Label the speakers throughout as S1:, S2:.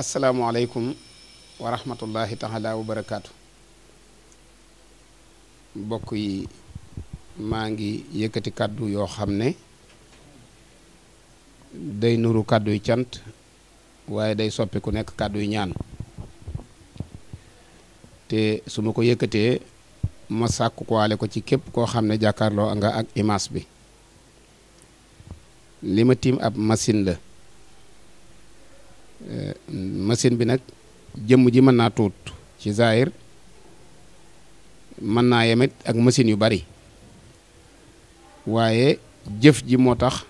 S1: asalaamualeykum wa rahmatullahi taala wa barakaatu mbokk yi maa ngi yëkkati kàddu yoo xam ne day nuru kàddu yu cant waaye day soppi ku nekk kàddu yu ñaan te su ma ko yëkkatee ma sàkk ko waale ko ci képp koo xam ne jàkkaarloo nga ak imaas bi li ma tiim ab machine la machine bi nag jëmm ji mën naa tuut ci zaahir mën naa yemit ak machine yu bari waaye jëf ji moo tax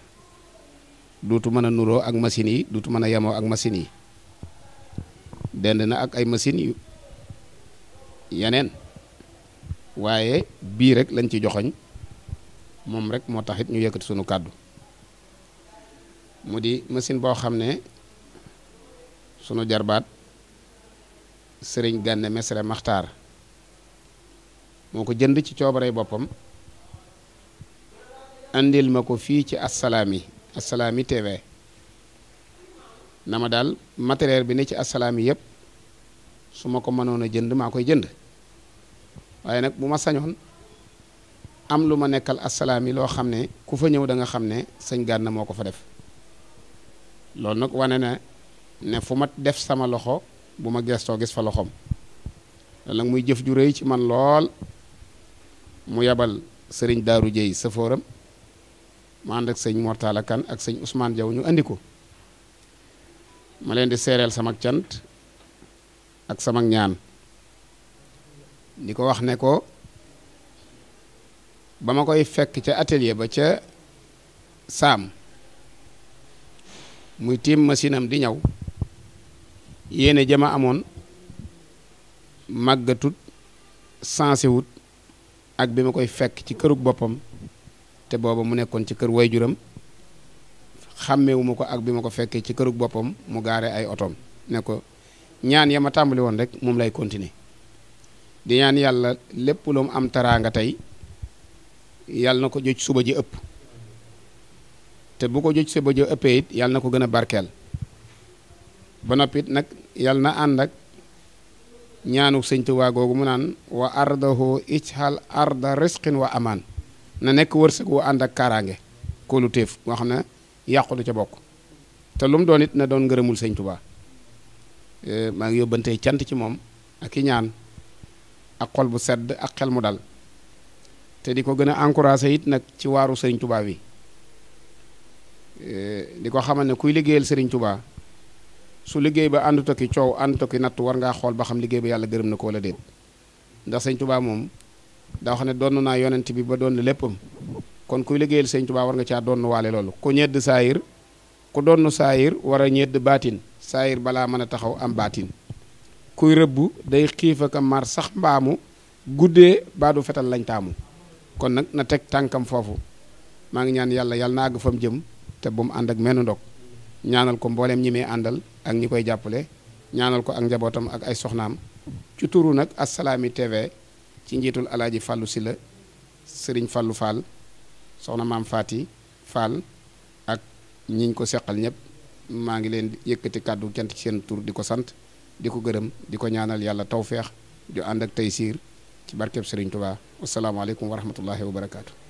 S1: duutu mën a nuroo ak machine yi duutu mën a yemoo ak machine yi dend na ak ay machine yu yeneen waaye bii rek lañ ci joxoñ moom rek moo tax it ñu yëkkati sunu kàddu mu di machine boo xam ne sunu jarbaat sëriñ Gànne Mesere Maxtaar moo ko jënd ci coobarey boppam andil ma ko fii ci Assalaamy Assalaamy TV na ma daal materiel bi ne ci assalaami yépp su ma ko mënoon a jënd maa koy jënd waaye nag bu ma sañoon am lu ma nekkal Assalaamy loo xam ne ku fa ñëw danga xam ne sëñ Gànne moo ko fa def loolu nag wane na ne fu ma def sama loxo bu ma gestoo gis fa loxoom loolu muy jëf ju rëy ci man lool mu yabal sëriñ Daaru Jéy sëfooram mu ànd ak sëñ Mortala Kan ak sëñ Ousmane Jaw ñu andi ko ma leen di seereel sama cant ak sama ñaan di ko wax ne ko ba ma koy fekk ca atelier ba ca saam muy tiim machine di ñaw yéene jama amoon màggatut sansewut ak bi ma koy fekk ci kërug boppam te booba mu nekkoon ci kër wayjuram xàmmewuma ko ak bi ma ko fekkee ci kërug boppam mu gaare ay otoom ne ko ñaan ya ma tàmbali woon rek moom lay continé di ñaan yàlla lépp loomu am taraanga tey yàlla na ko joj suba ji ëpp te bu ko joj suba ji ëppee yàlla na ko gën a barkeel ba noppit nag yal na ànd ak ñaanu sëñ Tuubaa googu mu naan wa ardahu ijhal arda risqin wa amaan na nekk wërsëg wu ànd ak kaaraange kóolu téef moo xam ne ca bokk te lu mu doon it na doon ngërëmul sëñ Tuubaa eh, maa ngi yóbbantee cant ci moom ak i ñaan ak xol bu sedd ak xel mu dal te di ko gën a encouragé it nag ci waaru sëriñ Tuubaa wi eh, di ko xamal ne kuy liggéeyal sëriñ Tuubaa su liggéey ba ànd tokki coow ànd tokki nattu war ngaa xool ba xam liggéey ba yàlla gërëm na ko la déet ndax sëñ Tuubaa moom daa xam ne doon naa yonent bi ba doon na léppam kon kuy liggéeyal sëñ Tuubaa war nga caa doon waale loolu ku ñedd saayir ku doon saayir war a ñedd baatin saayir balaa mën a taxaw am baatin kuy rëbb day xiif ak mar sax mbaamu guddee baadu fetal lañ taamu kon nag na teg tànkam foofu maa ngi ñaan yàlla yàlla na àgg fa mu jëm te bu mu ànd ak menn ndog ñaanal ak ñi koy jàppale ñaanal ko ak njabootam ak ay soxnaam ci turu nag Assalaamy TV ci njiitul alaaji Fallou Sylla sëriñ Fallou Fall soxna maam Faati Fall ak ñiñ ko seqal ñëpp maa ngi leen yëkkati kàddu cant ci seen tur di ko sant di ko gërëm di ko ñaanal yàlla tawféex ju ànd ak tey siir ci barkeb sëriñ Touba asalaamaaleykum wa rahmatullahi wa barakaatu.